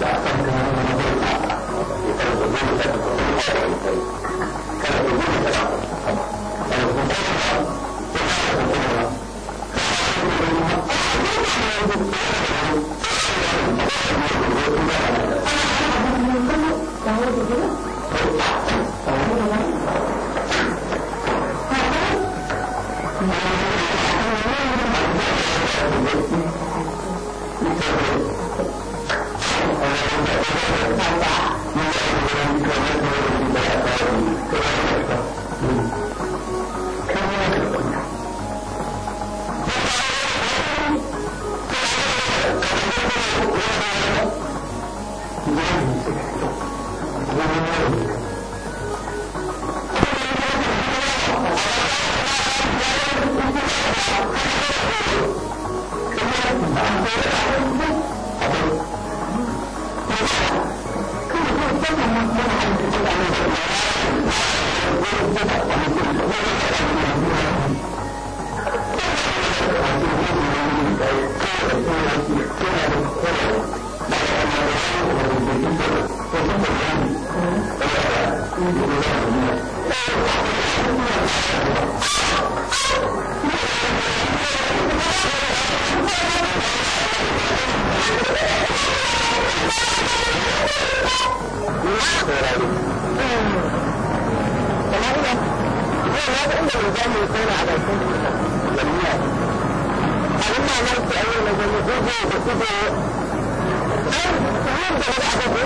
da akan kan wani mafi a kan Allah. Allah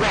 da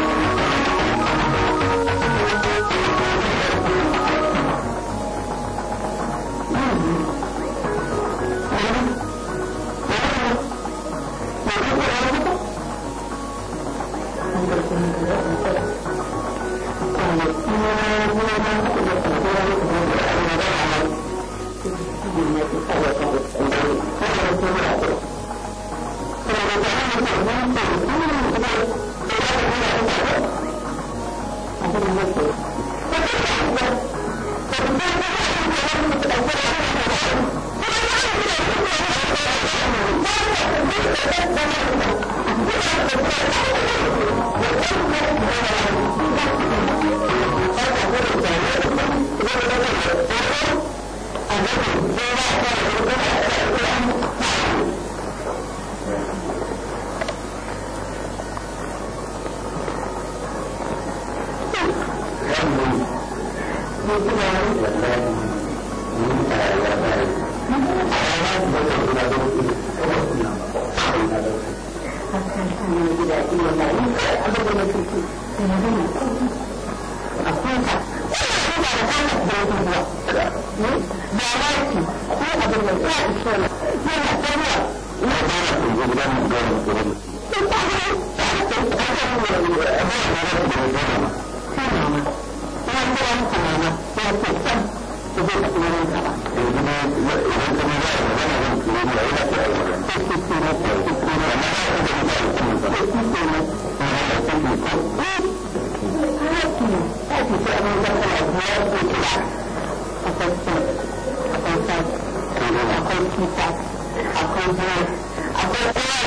akwai akwai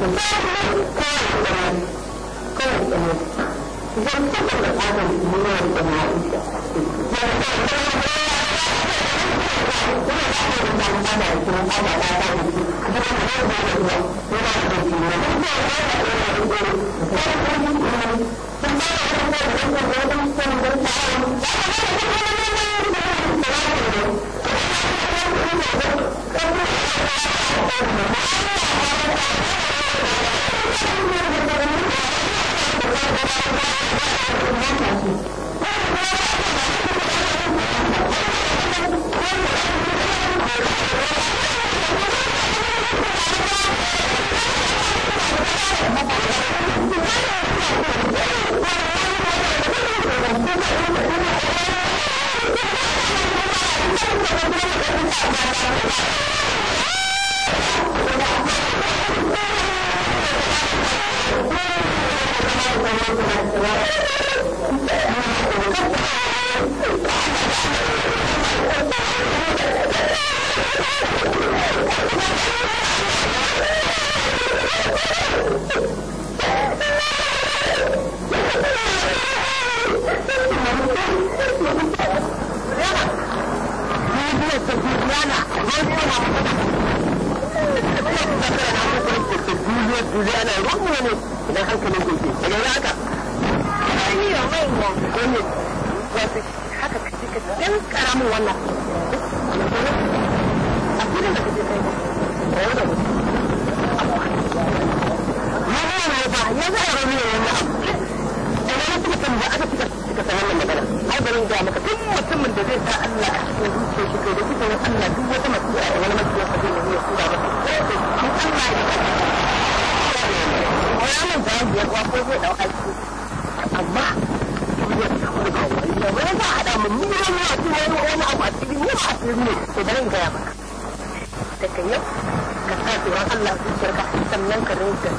mutum kawai kawai tsanani zan taɓa da ka sa Allah sannan ka rinka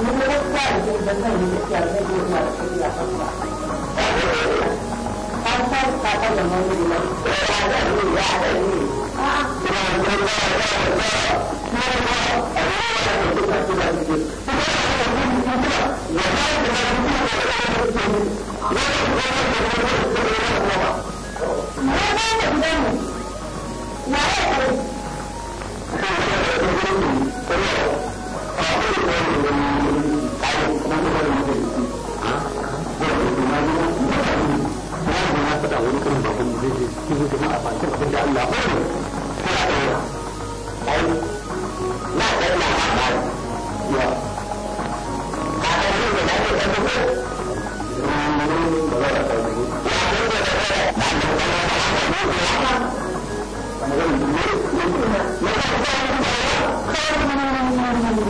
Mun yi wasu da da yi yi da da da da da da da da da da wani irin babban mu zai je cikin jama'a abin da Allah ne sai a ɗaura ai na ba ya ba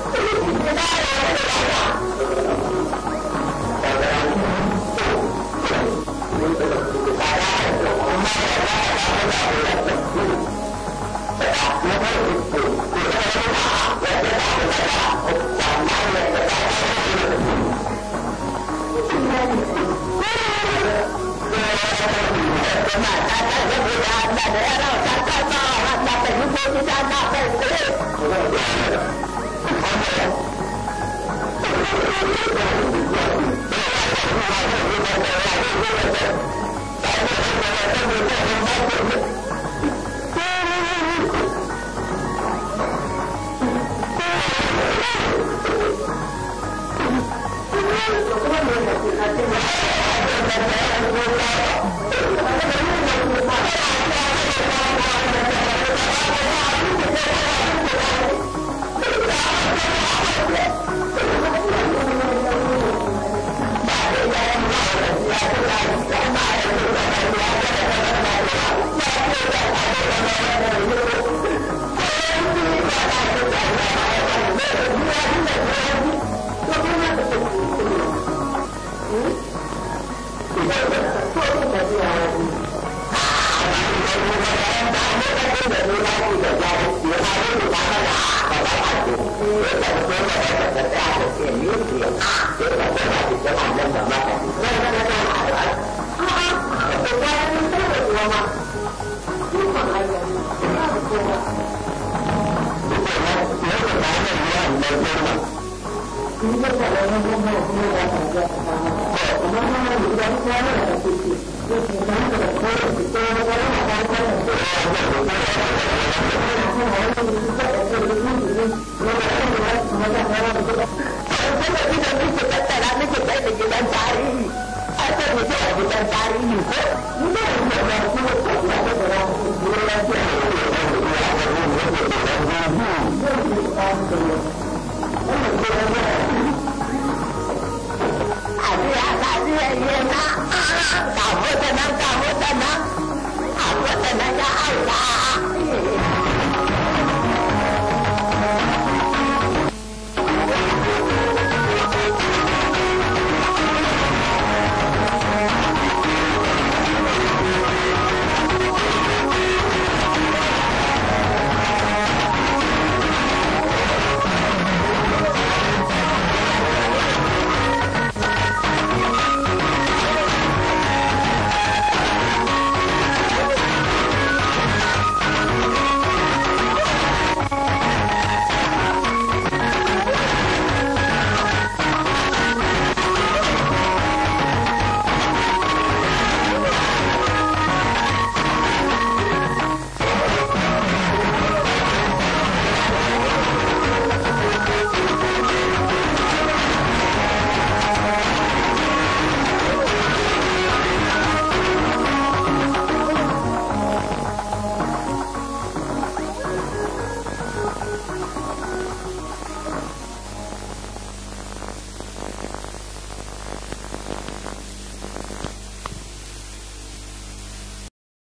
Allah ya rabu ya rafa. Nah, aku tenang, kamu tenang. Aku tenang ya Allah.